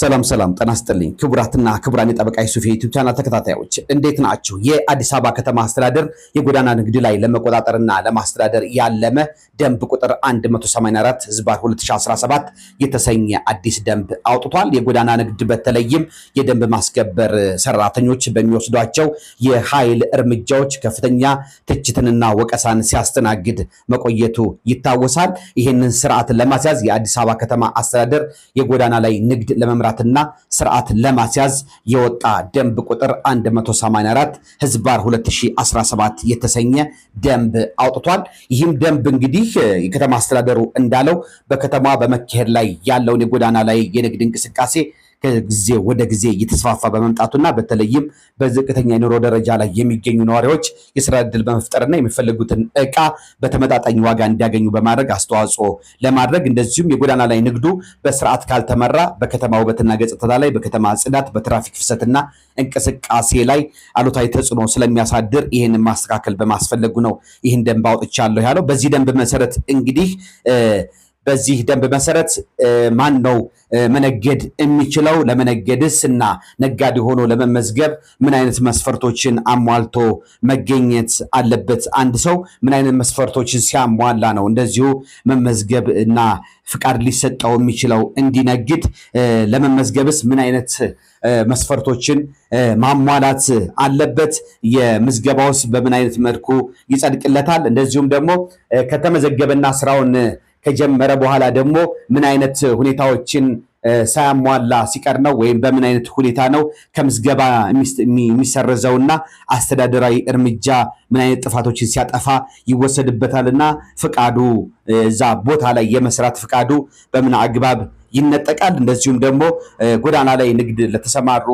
ሰላም ሰላም፣ ጤና ይስጥልኝ ክቡራትና ክቡራን የጠበቃ ዩሱፍ የዩቲዩብ ቻናል ተከታታዮች እንዴት ናችሁ? የአዲስ አበባ ከተማ አስተዳደር የጎዳና ንግድ ላይ ለመቆጣጠርና ለማስተዳደር ያለመ ደንብ ቁጥር 184 ህዝባር 2017 የተሰኘ አዲስ ደንብ አውጥቷል። የጎዳና ንግድ በተለይም የደንብ ማስከበር ሰራተኞች በሚወስዷቸው የኃይል እርምጃዎች ከፍተኛ ትችትንና ወቀሳን ሲያስተናግድ መቆየቱ ይታወሳል። ይህንን ስርዓት ለማስያዝ የአዲስ አበባ ከተማ አስተዳደር የጎዳና ላይ ንግድ ለመምራት ለማጥራትና ስርዓት ለማስያዝ የወጣ ደንብ ቁጥር 184 ህዝባር 2017 የተሰኘ ደንብ አውጥቷል። ይህም ደንብ እንግዲህ የከተማ አስተዳደሩ እንዳለው በከተማ በመካሄድ ላይ ያለውን የጎዳና ላይ የንግድ እንቅስቃሴ ከጊዜ ወደ ጊዜ እየተስፋፋ በመምጣቱና በተለይም በዝቅተኛ የኑሮ ደረጃ ላይ የሚገኙ ነዋሪዎች የስራ እድል በመፍጠርና የሚፈልጉትን እቃ በተመጣጣኝ ዋጋ እንዲያገኙ በማድረግ አስተዋጽኦ ለማድረግ እንደዚሁም የጎዳና ላይ ንግዱ በስርዓት ካልተመራ በከተማ ውበትና ገጽታ ላይ፣ በከተማ ጽዳት፣ በትራፊክ ፍሰትና እንቅስቃሴ ላይ አሉታዊ ተጽዕኖ ስለሚያሳድር ይህንን ማስተካከል በማስፈለጉ ነው ይህን ደንብ አውጥቻለሁ ያለው። በዚህ ደንብ መሰረት እንግዲህ በዚህ ደንብ መሰረት ማን ነው መነገድ የሚችለው? ለመነገድስ እና ነጋዴ ሆኖ ለመመዝገብ ምን አይነት መስፈርቶችን አሟልቶ መገኘት አለበት? አንድ ሰው ምን አይነት መስፈርቶችን ሲያሟላ ነው እንደዚሁ መመዝገብ እና ፍቃድ ሊሰጠው የሚችለው እንዲነግድ? ለመመዝገብስ ምን አይነት መስፈርቶችን ማሟላት አለበት? የምዝገባውስ በምን አይነት መልኩ ይጸድቅለታል? እንደዚሁም ደግሞ ከተመዘገበና ስራውን ከጀመረ በኋላ ደግሞ ምን አይነት ሁኔታዎችን ሳያሟላ ሲቀር ነው ወይም በምን አይነት ሁኔታ ነው ከምዝገባ የሚሰረዘውና አስተዳደራዊ እርምጃ ምን አይነት ጥፋቶችን ሲያጠፋ ይወሰድበታልና ፍቃዱ እዛ ቦታ ላይ የመስራት ፍቃዱ በምን አግባብ ይነጠቃል። እንደዚሁም ደግሞ ጎዳና ላይ ንግድ ለተሰማሩ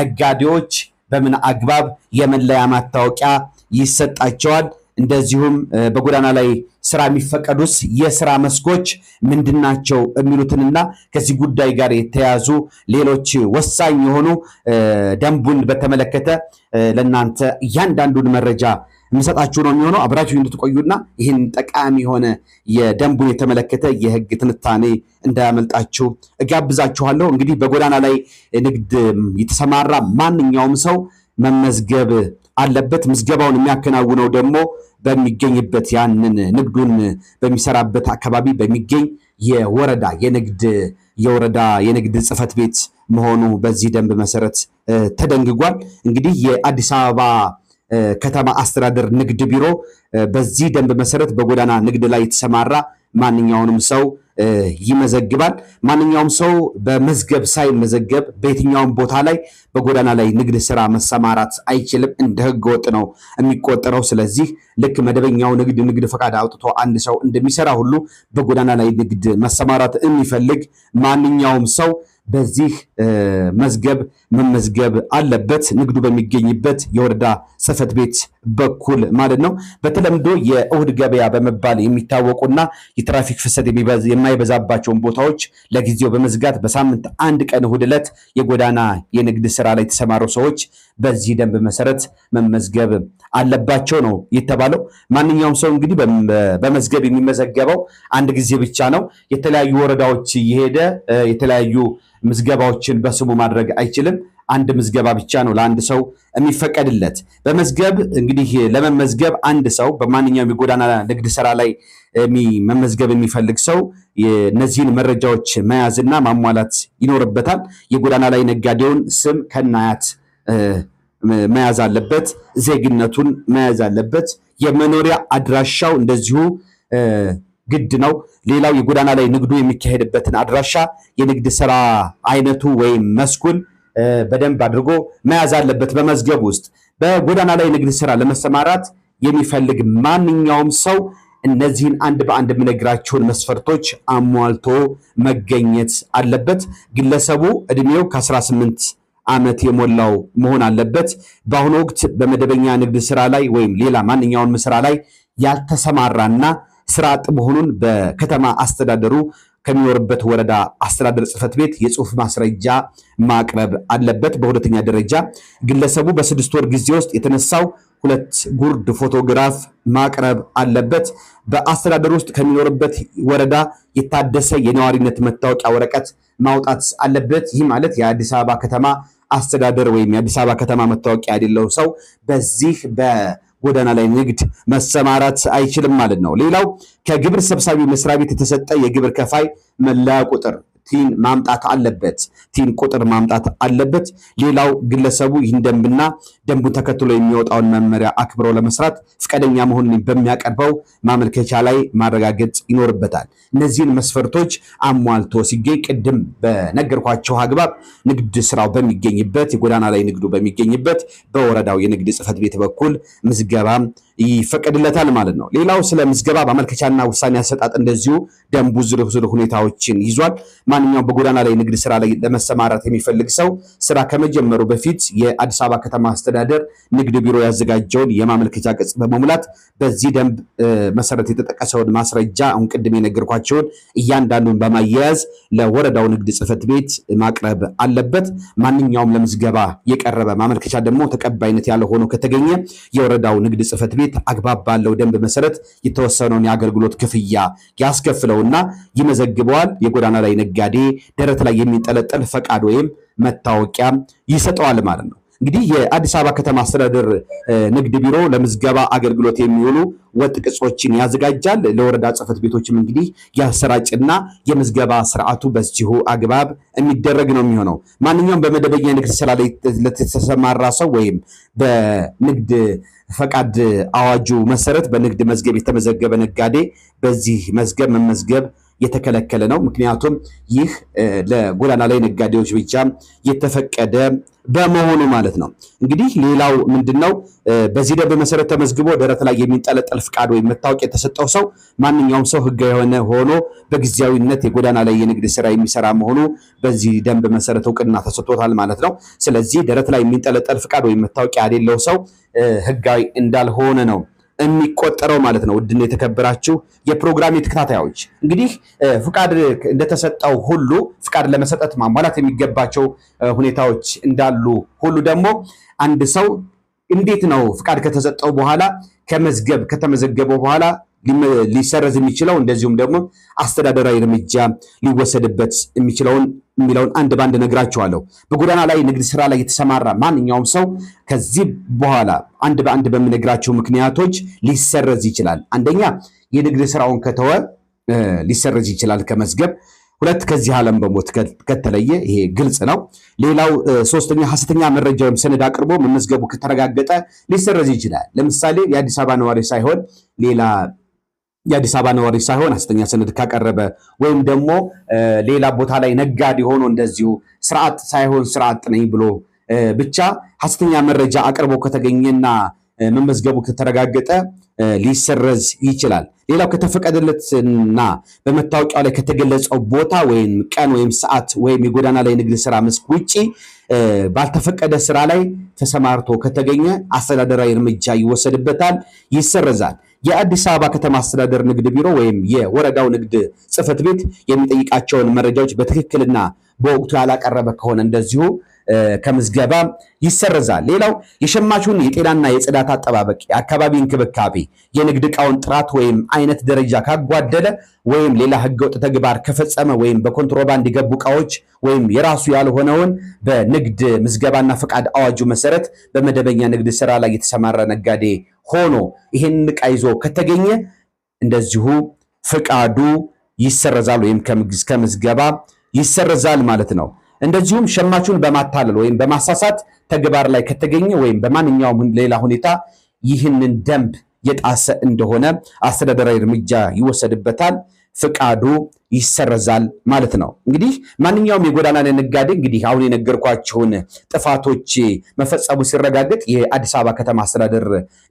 ነጋዴዎች በምን አግባብ የመለያ ማታወቂያ ይሰጣቸዋል። እንደዚሁም በጎዳና ላይ ስራ የሚፈቀዱስ የስራ መስኮች ምንድናቸው? የሚሉትንና ከዚህ ጉዳይ ጋር የተያዙ ሌሎች ወሳኝ የሆኑ ደንቡን በተመለከተ ለእናንተ እያንዳንዱን መረጃ የምሰጣችሁ ነው የሚሆነው። አብራችሁ እንድትቆዩና ይህን ጠቃሚ የሆነ የደንቡን የተመለከተ የህግ ትንታኔ እንዳያመልጣችሁ እጋብዛችኋለሁ። እንግዲህ በጎዳና ላይ ንግድ የተሰማራ ማንኛውም ሰው መመዝገብ አለበት። ምዝገባውን የሚያከናውነው ደግሞ በሚገኝበት ያንን ንግዱን በሚሰራበት አካባቢ በሚገኝ የወረዳ የንግድ የወረዳ የንግድ ጽህፈት ቤት መሆኑ በዚህ ደንብ መሰረት ተደንግጓል። እንግዲህ የአዲስ አበባ ከተማ አስተዳደር ንግድ ቢሮ በዚህ ደንብ መሰረት በጎዳና ንግድ ላይ የተሰማራ ማንኛውንም ሰው ይመዘግባል። ማንኛውም ሰው በመዝገብ ሳይመዘገብ በየትኛውም ቦታ ላይ በጎዳና ላይ ንግድ ስራ መሰማራት አይችልም። እንደ ህገ ወጥ ነው የሚቆጠረው። ስለዚህ ልክ መደበኛው ንግድ ንግድ ፈቃድ አውጥቶ አንድ ሰው እንደሚሰራ ሁሉ በጎዳና ላይ ንግድ መሰማራት የሚፈልግ ማንኛውም ሰው በዚህ መዝገብ መመዝገብ አለበት፣ ንግዱ በሚገኝበት የወረዳ ጽሕፈት ቤት በኩል ማለት ነው። በተለምዶ የእሁድ ገበያ በመባል የሚታወቁና የትራፊክ ፍሰት የማይበዛባቸውን ቦታዎች ለጊዜው በመዝጋት በሳምንት አንድ ቀን እሁድ ዕለት የጎዳና የንግድ ስራ ላይ የተሰማሩ ሰዎች በዚህ ደንብ መሰረት መመዝገብ አለባቸው ነው የተባለው። ማንኛውም ሰው እንግዲህ በመዝገብ የሚመዘገበው አንድ ጊዜ ብቻ ነው። የተለያዩ ወረዳዎች እየሄደ የተለያዩ ምዝገባዎችን በስሙ ማድረግ አይችልም። አንድ ምዝገባ ብቻ ነው ለአንድ ሰው የሚፈቀድለት። በመዝገብ እንግዲህ ለመመዝገብ አንድ ሰው በማንኛውም የጎዳና ንግድ ስራ ላይ መመዝገብ የሚፈልግ ሰው እነዚህን መረጃዎች መያዝና ማሟላት ይኖርበታል። የጎዳና ላይ ነጋዴውን ስም ከናያት መያዝ አለበት። ዜግነቱን መያዝ አለበት። የመኖሪያ አድራሻው እንደዚሁ ግድ ነው። ሌላው የጎዳና ላይ ንግዱ የሚካሄድበትን አድራሻ፣ የንግድ ስራ አይነቱ ወይም መስኩን በደንብ አድርጎ መያዝ አለበት በመዝገብ ውስጥ። በጎዳና ላይ ንግድ ስራ ለመሰማራት የሚፈልግ ማንኛውም ሰው እነዚህን አንድ በአንድ የምነግራቸውን መስፈርቶች አሟልቶ መገኘት አለበት። ግለሰቡ እድሜው ከ18 ዓመት የሞላው መሆን አለበት። በአሁኑ ወቅት በመደበኛ ንግድ ስራ ላይ ወይም ሌላ ማንኛውም ስራ ላይ ያልተሰማራና ስራ አጥ መሆኑን በከተማ አስተዳደሩ ከሚኖርበት ወረዳ አስተዳደር ጽህፈት ቤት የጽሁፍ ማስረጃ ማቅረብ አለበት። በሁለተኛ ደረጃ ግለሰቡ በስድስት ወር ጊዜ ውስጥ የተነሳው ሁለት ጉርድ ፎቶግራፍ ማቅረብ አለበት። በአስተዳደር ውስጥ ከሚኖርበት ወረዳ የታደሰ የነዋሪነት መታወቂያ ወረቀት ማውጣት አለበት። ይህ ማለት የአዲስ አበባ ከተማ አስተዳደር ወይም የአዲስ አበባ ከተማ መታወቂያ የሌለው ሰው በዚህ በ ጎዳና ላይ ንግድ መሰማራት አይችልም ማለት ነው። ሌላው ከግብር ሰብሳቢ መስሪያ ቤት የተሰጠ የግብር ከፋይ መለያ ቁጥር ቲን ማምጣት አለበት። ቲን ቁጥር ማምጣት አለበት። ሌላው ግለሰቡ ይህን ደንብና ደንቡን ተከትሎ የሚወጣውን መመሪያ አክብሮ ለመስራት ፍቀደኛ መሆኑን በሚያቀርበው ማመልከቻ ላይ ማረጋገጥ ይኖርበታል። እነዚህን መስፈርቶች አሟልቶ ሲገኝ ቅድም በነገርኳቸው አግባብ ንግድ ስራው በሚገኝበት የጎዳና ላይ ንግዱ በሚገኝበት በወረዳው የንግድ ጽሕፈት ቤት በኩል ምዝገባ ይፈቀድለታል ማለት ነው። ሌላው ስለ ምዝገባ በአመልከቻና ውሳኔ አሰጣጥ እንደዚሁ ደንቡ ዝርዝር ሁኔታዎችን ይዟል። ማንኛውም በጎዳና ላይ ንግድ ስራ ላይ ለመሰማራት የሚፈልግ ሰው ስራ ከመጀመሩ በፊት የአዲስ አበባ ከተማ አስተዳደር ንግድ ቢሮ ያዘጋጀውን የማመልከቻ ቅጽ በመሙላት በዚህ ደንብ መሰረት የተጠቀሰውን ማስረጃ አሁን ቅድም የነገርኳቸውን እያንዳንዱን በማያያዝ ለወረዳው ንግድ ጽህፈት ቤት ማቅረብ አለበት። ማንኛውም ለምዝገባ የቀረበ ማመልከቻ ደግሞ ተቀባይነት ያለ ሆኖ ከተገኘ የወረዳው ንግድ ጽህፈት ቤት በህግ አግባብ ባለው ደንብ መሰረት የተወሰነውን የአገልግሎት ክፍያ ያስከፍለውና ይመዘግበዋል። የጎዳና ላይ ነጋዴ ደረት ላይ የሚንጠለጠል ፈቃድ ወይም መታወቂያ ይሰጠዋል ማለት ነው። እንግዲህ የአዲስ አበባ ከተማ አስተዳደር ንግድ ቢሮ ለምዝገባ አገልግሎት የሚውሉ ወጥ ቅጾችን ያዘጋጃል። ለወረዳ ጽህፈት ቤቶችም እንግዲህ ያሰራጭና የምዝገባ ስርዓቱ በዚሁ አግባብ የሚደረግ ነው የሚሆነው። ማንኛውም በመደበኛ ንግድ ስራ ላይ ለተሰማራ ሰው ወይም በንግድ ፈቃድ አዋጁ መሰረት በንግድ መዝገብ የተመዘገበ ነጋዴ በዚህ መዝገብ መመዝገብ የተከለከለ ነው። ምክንያቱም ይህ ለጎዳና ላይ ነጋዴዎች ብቻ የተፈቀደ በመሆኑ ማለት ነው። እንግዲህ ሌላው ምንድን ነው? በዚህ ደንብ መሰረት ተመዝግቦ ደረት ላይ የሚንጠለጠል ፍቃድ ወይም መታወቂያ የተሰጠው ሰው ማንኛውም ሰው ሕግ የሆነ ሆኖ በጊዜያዊነት የጎዳና ላይ የንግድ ስራ የሚሰራ መሆኑ በዚህ ደንብ መሰረት እውቅና ተሰጥቶታል ማለት ነው። ስለዚህ ደረት ላይ የሚንጠለጠል ፍቃድ ወይም መታወቂያ የሌለው ሰው ህጋዊ እንዳልሆነ ነው የሚቆጠረው ማለት ነው። ውድና የተከበራችሁ የፕሮግራም የተከታታዮች እንግዲህ ፍቃድ እንደተሰጠው ሁሉ ፍቃድ ለመሰጠት ማሟላት የሚገባቸው ሁኔታዎች እንዳሉ ሁሉ ደግሞ አንድ ሰው እንዴት ነው ፍቃድ ከተሰጠው በኋላ ከመዝገብ ከተመዘገበው በኋላ ሊሰረዝ የሚችለው እንደዚሁም ደግሞ አስተዳደራዊ እርምጃ ሊወሰድበት የሚችለውን የሚለውን አንድ ባንድ ነግራችኋለሁ። በጎዳና ላይ ንግድ ስራ ላይ የተሰማራ ማንኛውም ሰው ከዚህ በኋላ አንድ በአንድ በምነግራቸው ምክንያቶች ሊሰረዝ ይችላል። አንደኛ የንግድ ስራውን ከተወ ሊሰረዝ ይችላል ከመዝገብ። ሁለት ከዚህ ዓለም በሞት ከተለየ፣ ይሄ ግልጽ ነው። ሌላው ሶስተኛ ሐሰተኛ መረጃ ወይም ሰነድ አቅርቦ መመዝገቡ ከተረጋገጠ ሊሰረዝ ይችላል። ለምሳሌ የአዲስ አበባ ነዋሪ ሳይሆን ሌላ የአዲስ አበባ ነዋሪ ሳይሆን ሐሰተኛ ሰነድ ካቀረበ ወይም ደግሞ ሌላ ቦታ ላይ ነጋዴ ሆኖ እንደዚሁ ስርዓት ሳይሆን ስርዓት ነኝ ብሎ ብቻ ሐሰተኛ መረጃ አቅርቦ ከተገኘና መመዝገቡ ከተረጋገጠ ሊሰረዝ ይችላል። ሌላው ከተፈቀደለትና በመታወቂያው ላይ ከተገለጸው ቦታ ወይም ቀን ወይም ሰዓት ወይም የጎዳና ላይ ንግድ ስራ መስክ ውጭ ባልተፈቀደ ስራ ላይ ተሰማርቶ ከተገኘ አስተዳደራዊ እርምጃ ይወሰድበታል፣ ይሰረዛል። የአዲስ አበባ ከተማ አስተዳደር ንግድ ቢሮ ወይም የወረዳው ንግድ ጽህፈት ቤት የሚጠይቃቸውን መረጃዎች በትክክልና በወቅቱ ያላቀረበ ከሆነ እንደዚሁ ከምዝገባ ይሰርዛል። ሌላው የሸማቹን የጤናና የጽዳት አጠባበቅ፣ የአካባቢ እንክብካቤ፣ የንግድ እቃውን ጥራት ወይም አይነት ደረጃ ካጓደለ ወይም ሌላ ህገወጥ ተግባር ከፈጸመ ወይም በኮንትሮባንድ የገቡ እቃዎች ወይም የራሱ ያልሆነውን በንግድ ምዝገባና ፈቃድ አዋጁ መሰረት በመደበኛ ንግድ ስራ ላይ የተሰማረ ነጋዴ ሆኖ ይህን እቃ ይዞ ከተገኘ እንደዚሁ ፍቃዱ ይሰረዛል ወይም ከምዝገባ ይሰረዛል ማለት ነው። እንደዚሁም ሸማቹን በማታለል ወይም በማሳሳት ተግባር ላይ ከተገኘ ወይም በማንኛውም ሌላ ሁኔታ ይህንን ደንብ የጣሰ እንደሆነ አስተዳደራዊ እርምጃ ይወሰድበታል። ፍቃዱ ይሰረዛል ማለት ነው። እንግዲህ ማንኛውም የጎዳና ላይ ነጋዴ እንግዲህ አሁን የነገርኳቸውን ጥፋቶች መፈጸሙ ሲረጋገጥ የአዲስ አበባ ከተማ አስተዳደር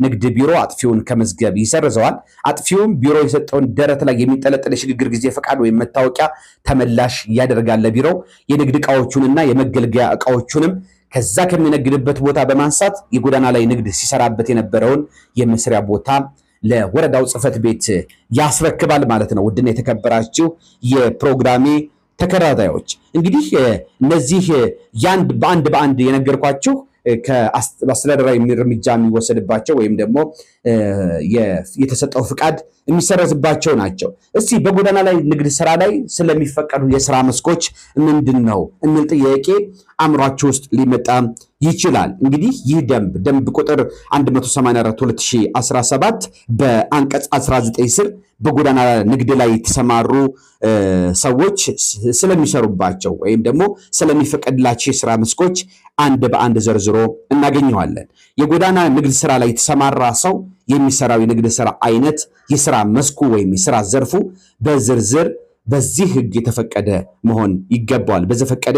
ንግድ ቢሮ አጥፊውን ከመዝገብ ይሰርዘዋል። አጥፊውም ቢሮ የሰጠውን ደረት ላይ የሚጠለጠል የሽግግር ጊዜ ፈቃድ ወይም መታወቂያ ተመላሽ ያደርጋል። ለቢሮው የንግድ እቃዎቹንና የመገልገያ እቃዎቹንም ከዛ ከሚነግድበት ቦታ በማንሳት የጎዳና ላይ ንግድ ሲሰራበት የነበረውን የመስሪያ ቦታ ለወረዳው ጽሕፈት ቤት ያስረክባል ማለት ነው። ውድና የተከበራችሁ የፕሮግራሜ ተከታታዮች እንግዲህ እነዚህ ያንድ በአንድ በአንድ የነገርኳችሁ ከአስተዳደራዊ እርምጃ የሚወሰድባቸው ወይም ደግሞ የተሰጠው ፍቃድ የሚሰረዝባቸው ናቸው። እስቲ በጎዳና ላይ ንግድ ስራ ላይ ስለሚፈቀዱ የስራ መስኮች ምንድን ነው እንል ጥያቄ አእምሯችሁ ውስጥ ሊመጣ ይችላል። እንግዲህ ይህ ደንብ ደንብ ቁጥር 184 2017 በአንቀጽ 19 ስር በጎዳና ንግድ ላይ የተሰማሩ ሰዎች ስለሚሰሩባቸው ወይም ደግሞ ስለሚፈቀድላቸው የስራ መስኮች አንድ በአንድ ዘርዝሮ እናገኘዋለን። የጎዳና ንግድ ስራ ላይ የተሰማራ ሰው የሚሰራው የንግድ ስራ አይነት፣ የስራ መስኩ ወይም የስራ ዘርፉ በዝርዝር በዚህ ህግ የተፈቀደ መሆን ይገባዋል። በዘፈቀደ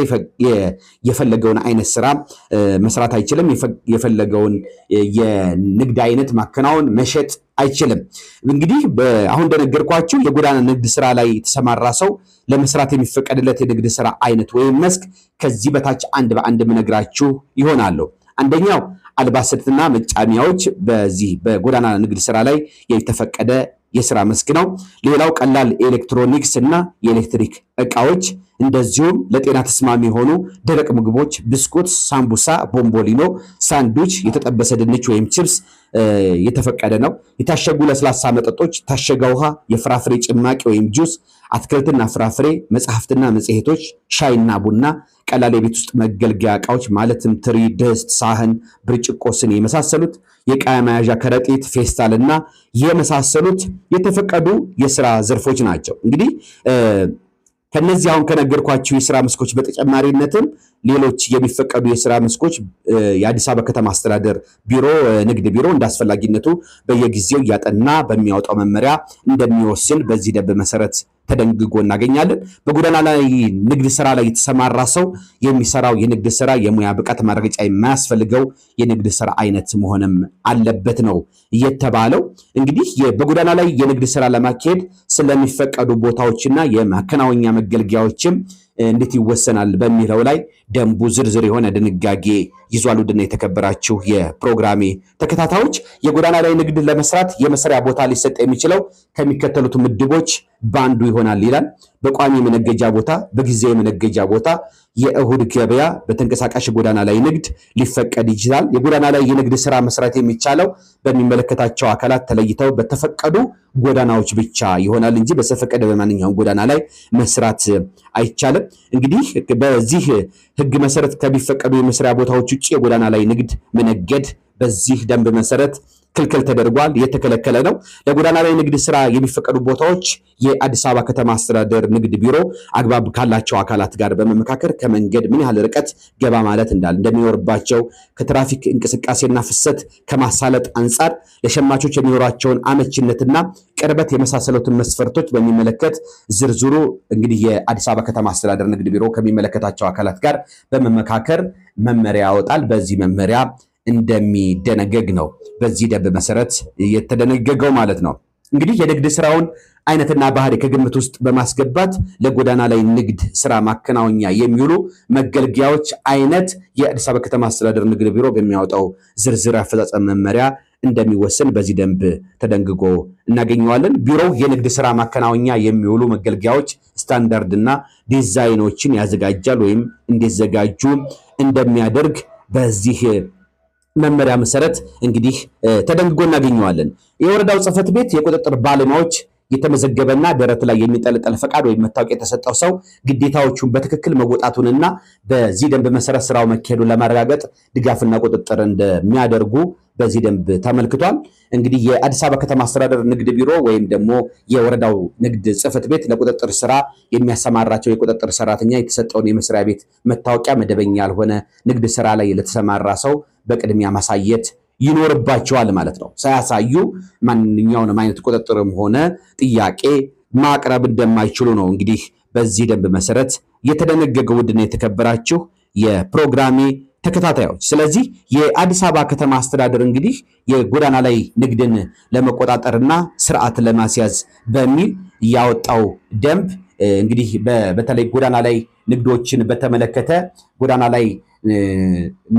የፈለገውን አይነት ስራ መስራት አይችልም። የፈለገውን የንግድ አይነት ማከናወን፣ መሸጥ አይችልም። እንግዲህ አሁን እንደነገርኳችሁ የጎዳና ንግድ ስራ ላይ የተሰማራ ሰው ለመስራት የሚፈቀድለት የንግድ ስራ አይነት ወይም መስክ ከዚህ በታች አንድ በአንድ ምነግራችሁ ይሆናሉ። አንደኛው አልባሳትና መጫሚያዎች በዚህ በጎዳና ንግድ ስራ ላይ የተፈቀደ የስራ መስክ ነው። ሌላው ቀላል ኤሌክትሮኒክስ እና የኤሌክትሪክ እቃዎች እንደዚሁም ለጤና ተስማሚ የሆኑ ደረቅ ምግቦች፣ ብስኩት፣ ሳምቡሳ፣ ቦምቦሊኖ፣ ሳንዱች፣ የተጠበሰ ድንች ወይም ችፕስ የተፈቀደ ነው። የታሸጉ ለስላሳ መጠጦች፣ ታሸገ ውሃ፣ የፍራፍሬ ጭማቂ ወይም ጁስ፣ አትክልትና ፍራፍሬ፣ መጽሐፍትና መጽሔቶች፣ ሻይና ቡና፣ ቀላል የቤት ውስጥ መገልገያ እቃዎች ማለትም ትሪ፣ ድስት፣ ሳህን፣ ብርጭቆ፣ ስኒ የመሳሰሉት የዕቃ መያዣ ከረጢት፣ ፌስታል እና የመሳሰሉት የተፈቀዱ የስራ ዘርፎች ናቸው። እንግዲህ ከነዚህ አሁን ከነገርኳቸው የስራ መስኮች በተጨማሪነትም ሌሎች የሚፈቀዱ የስራ መስኮች የአዲስ አበባ ከተማ አስተዳደር ቢሮ ንግድ ቢሮ እንዳስፈላጊነቱ በየጊዜው እያጠና በሚያወጣው መመሪያ እንደሚወስን በዚህ ደንብ መሰረት ተደንግጎ እናገኛለን። በጎዳና ላይ ንግድ ስራ ላይ የተሰማራ ሰው የሚሰራው የንግድ ስራ የሙያ ብቃት ማረጋጫ የማያስፈልገው የንግድ ስራ አይነት መሆንም አለበት ነው የተባለው። እንግዲህ በጎዳና ላይ የንግድ ስራ ለማካሄድ ስለሚፈቀዱ ቦታዎችና የማከናወኛ መገልገያዎችም እንዴት ይወሰናል በሚለው ላይ ደንቡ ዝርዝር የሆነ ድንጋጌ ይዟል። ውድና የተከበራችሁ የፕሮግራሜ ተከታታዮች የጎዳና ላይ ንግድ ለመስራት የመስሪያ ቦታ ሊሰጥ የሚችለው ከሚከተሉት ምድቦች በአንዱ ይሆናል ይላል። በቋሚ የመነገጃ ቦታ፣ በጊዜ የመነገጃ ቦታ፣ የእሁድ ገበያ፣ በተንቀሳቃሽ ጎዳና ላይ ንግድ ሊፈቀድ ይችላል። የጎዳና ላይ የንግድ ስራ መስራት የሚቻለው በሚመለከታቸው አካላት ተለይተው በተፈቀዱ ጎዳናዎች ብቻ ይሆናል እንጂ በዘፈቀደ በማንኛውም ጎዳና ላይ መስራት አይቻልም። እንግዲህ በዚህ ህግ መሰረት ከሚፈቀዱ የመስሪያ ቦታዎች ውጭ የጎዳና ላይ ንግድ መነገድ በዚህ ደንብ መሰረት ክልክል ተደርጓል። የተከለከለ ነው። ለጎዳና ላይ ንግድ ስራ የሚፈቀዱ ቦታዎች የአዲስ አበባ ከተማ አስተዳደር ንግድ ቢሮ አግባብ ካላቸው አካላት ጋር በመመካከር ከመንገድ ምን ያህል ርቀት ገባ ማለት እንዳል እንደሚኖርባቸው ከትራፊክ እንቅስቃሴና ፍሰት ከማሳለጥ አንጻር ለሸማቾች የሚኖራቸውን አመችነትና ቅርበት የመሳሰሉትን መስፈርቶች በሚመለከት ዝርዝሩ እንግዲህ የአዲስ አበባ ከተማ አስተዳደር ንግድ ቢሮ ከሚመለከታቸው አካላት ጋር በመመካከር መመሪያ ያወጣል። በዚህ መመሪያ እንደሚደነገግ ነው በዚህ ደንብ መሰረት የተደነገገው ማለት ነው። እንግዲህ የንግድ ስራውን አይነትና ባህሪ ከግምት ውስጥ በማስገባት ለጎዳና ላይ ንግድ ስራ ማከናወኛ የሚውሉ መገልገያዎች አይነት የአዲስ አበባ ከተማ አስተዳደር ንግድ ቢሮ በሚያወጣው ዝርዝር አፈጻጸም መመሪያ እንደሚወሰን በዚህ ደንብ ተደንግጎ እናገኘዋለን። ቢሮው የንግድ ስራ ማከናወኛ የሚውሉ መገልገያዎች ስታንዳርድና ዲዛይኖችን ያዘጋጃል ወይም እንዲዘጋጁ እንደሚያደርግ በዚህ መመሪያ መሰረት እንግዲህ ተደንግጎ እናገኘዋለን። የወረዳው ጽህፈት ቤት የቁጥጥር ባለሙያዎች የተመዘገበና ደረት ላይ የሚንጠለጠል ፈቃድ ወይም መታወቂያ የተሰጠው ሰው ግዴታዎቹን በትክክል መወጣቱንና በዚህ ደንብ መሰረት ስራው መካሄዱን ለማረጋገጥ ድጋፍና ቁጥጥር እንደሚያደርጉ በዚህ ደንብ ተመልክቷል። እንግዲህ የአዲስ አበባ ከተማ አስተዳደር ንግድ ቢሮ ወይም ደግሞ የወረዳው ንግድ ጽፈት ቤት ለቁጥጥር ስራ የሚያሰማራቸው የቁጥጥር ሰራተኛ የተሰጠውን የመስሪያ ቤት መታወቂያ መደበኛ ያልሆነ ንግድ ስራ ላይ ለተሰማራ ሰው በቅድሚያ ማሳየት ይኖርባቸዋል ማለት ነው። ሳያሳዩ ማንኛውንም አይነት ቁጥጥርም ሆነ ጥያቄ ማቅረብ እንደማይችሉ ነው እንግዲህ በዚህ ደንብ መሰረት የተደነገገ። ውድና የተከበራችሁ የፕሮግራሜ ተከታታዮች። ስለዚህ የአዲስ አበባ ከተማ አስተዳደር እንግዲህ የጎዳና ላይ ንግድን ለመቆጣጠርና ስርዓት ለማስያዝ በሚል ያወጣው ደንብ እንግዲህ በተለይ ጎዳና ላይ ንግዶችን በተመለከተ ጎዳና ላይ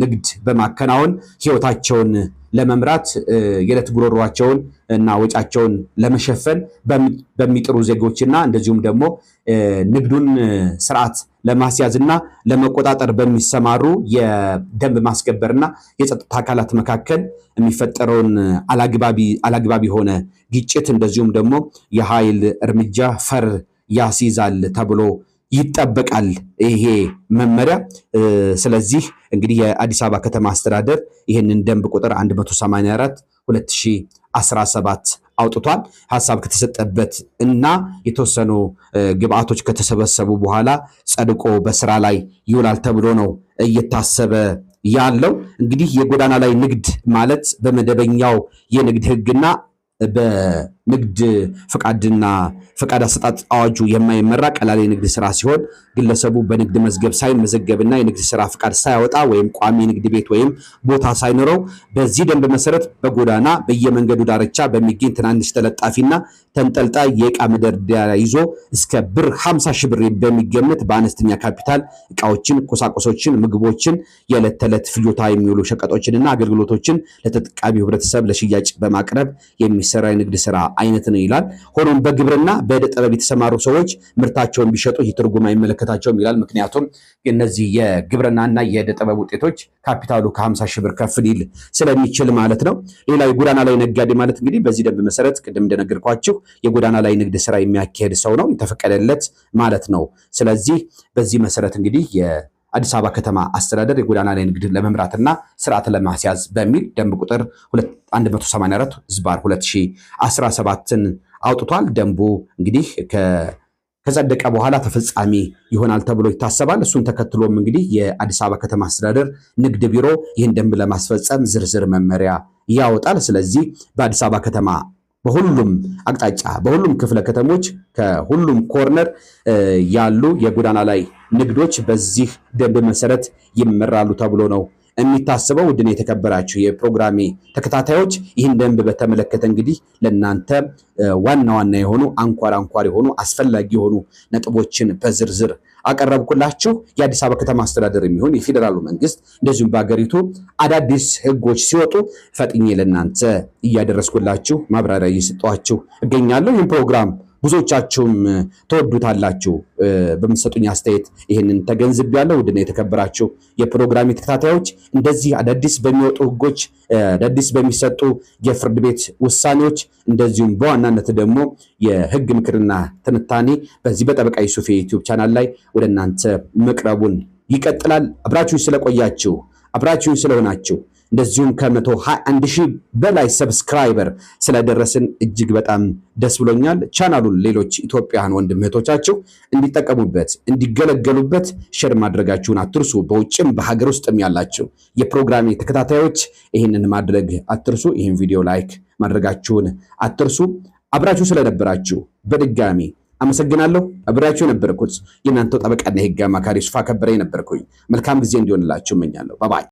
ንግድ በማከናወን ህይወታቸውን ለመምራት የዕለት ጉሮሯቸውን እና ወጫቸውን ለመሸፈን በሚጥሩ ዜጎችና እንደዚሁም ደግሞ ንግዱን ስርዓት ለማስያዝ እና ለመቆጣጠር በሚሰማሩ የደንብ ማስከበርና የጸጥታ አካላት መካከል የሚፈጠረውን አላግባብ የሆነ ግጭት እንደዚሁም ደግሞ የኃይል እርምጃ ፈር ያስይዛል ተብሎ ይጠበቃል ይሄ መመሪያ። ስለዚህ እንግዲህ የአዲስ አበባ ከተማ አስተዳደር ይህንን ደንብ ቁጥር 184 2017 አውጥቷል። ሀሳብ ከተሰጠበት እና የተወሰኑ ግብአቶች ከተሰበሰቡ በኋላ ጸድቆ በስራ ላይ ይውላል ተብሎ ነው እየታሰበ ያለው። እንግዲህ የጎዳና ላይ ንግድ ማለት በመደበኛው የንግድ ህግና ንግድ ፈቃድና ፈቃድ አሰጣጥ አዋጁ የማይመራ ቀላል የንግድ ስራ ሲሆን ግለሰቡ በንግድ መዝገብ ሳይመዘገብና የንግድ ስራ ፈቃድ ሳያወጣ ወይም ቋሚ ንግድ ቤት ወይም ቦታ ሳይኖረው በዚህ ደንብ መሰረት በጎዳና በየመንገዱ ዳርቻ በሚገኝ ትናንሽ ተለጣፊና ተንጠልጣይ የእቃ መደርደሪያ ይዞ እስከ ብር 50 ሺህ ብር በሚገመት በአነስተኛ ካፒታል እቃዎችን፣ ቁሳቁሶችን፣ ምግቦችን፣ የዕለት ተዕለት ፍጆታ የሚውሉ ሸቀጦችንና አገልግሎቶችን ለተጠቃሚ ህብረተሰብ ለሽያጭ በማቅረብ የሚሰራ የንግድ ስራ አይነት ነው ይላል። ሆኖም በግብርና በእደ ጥበብ የተሰማሩ ሰዎች ምርታቸውን ቢሸጡ ይህ ትርጉም አይመለከታቸውም ይላል። ምክንያቱም እነዚህ የግብርናና የእደ ጥበብ ውጤቶች ካፒታሉ ከ50 ሺህ ብር ከፍ ሊል ስለሚችል ማለት ነው። ሌላው የጎዳና ላይ ነጋዴ ማለት እንግዲህ በዚህ ደንብ መሰረት ቅድም እንደነገርኳችሁ የጎዳና ላይ ንግድ ስራ የሚያካሄድ ሰው ነው የተፈቀደለት ማለት ነው። ስለዚህ በዚህ መሰረት እንግዲህ አዲስ አበባ ከተማ አስተዳደር የጎዳና ላይ ንግድ ለመምራትና ስርዓት ለማስያዝ በሚል ደንብ ቁጥር 184 ዝባር 2017ን አውጥቷል። ደንቡ እንግዲህ ከጸደቀ በኋላ ተፈጻሚ ይሆናል ተብሎ ይታሰባል። እሱን ተከትሎም እንግዲህ የአዲስ አበባ ከተማ አስተዳደር ንግድ ቢሮ ይህን ደንብ ለማስፈጸም ዝርዝር መመሪያ ያወጣል። ስለዚህ በአዲስ አበባ ከተማ በሁሉም አቅጣጫ በሁሉም ክፍለ ከተሞች ከሁሉም ኮርነር ያሉ የጎዳና ላይ ንግዶች በዚህ ደንብ መሰረት ይመራሉ ተብሎ ነው የሚታስበው። ውድን የተከበራችሁ የፕሮግራሜ ተከታታዮች ይህን ደንብ በተመለከተ እንግዲህ ለእናንተ ዋና ዋና የሆኑ አንኳር አንኳር የሆኑ አስፈላጊ የሆኑ ነጥቦችን በዝርዝር አቀረብኩላችሁ። የአዲስ አበባ ከተማ አስተዳደር የሚሆን የፌዴራሉ መንግስት እንደዚሁም በሀገሪቱ አዳዲስ ህጎች ሲወጡ ፈጥኜ ለእናንተ እያደረስኩላችሁ ማብራሪያ እየሰጧችሁ እገኛለሁ። ይህን ፕሮግራም ብዙዎቻችሁም ተወዱታላችሁ። በምትሰጡኝ አስተያየት ይህንን ያለው ውድና የተከበራችሁ የፕሮግራሚ ተከታታዮች እንደዚህ አዳዲስ በሚወጡ ህጎች አዳዲስ በሚሰጡ የፍርድ ቤት ውሳኔዎች እንደዚሁም በዋናነት ደግሞ የህግ ምክርና ትንታኔ በዚህ በጠበቃ ዩሱፍ የዩቲዩብ ቻናል ላይ ወደ እናንተ መቅረቡን ይቀጥላል። አብራችሁ ስለቆያችሁ አብራችሁ ስለሆናችሁ እንደዚሁም ከ121 ሺህ በላይ ሰብስክራይበር ስለደረስን እጅግ በጣም ደስ ብሎኛል። ቻናሉን ሌሎች ኢትዮጵያውያን ወንድም እህቶቻችሁ እንዲጠቀሙበት እንዲገለገሉበት ሼር ማድረጋችሁን አትርሱ። በውጭም በሀገር ውስጥም ያላችሁ የፕሮግራሜ ተከታታዮች ይህንን ማድረግ አትርሱ። ይህን ቪዲዮ ላይክ ማድረጋችሁን አትርሱ። አብራችሁ ስለነበራችሁ በድጋሚ አመሰግናለሁ። አብራችሁ የነበርኩት የእናንተው ጠበቃና የህግ አማካሪ ሱፋ ከበረ የነበርኩኝ። መልካም ጊዜ እንዲሆንላችሁ እመኛለሁ። ባባይ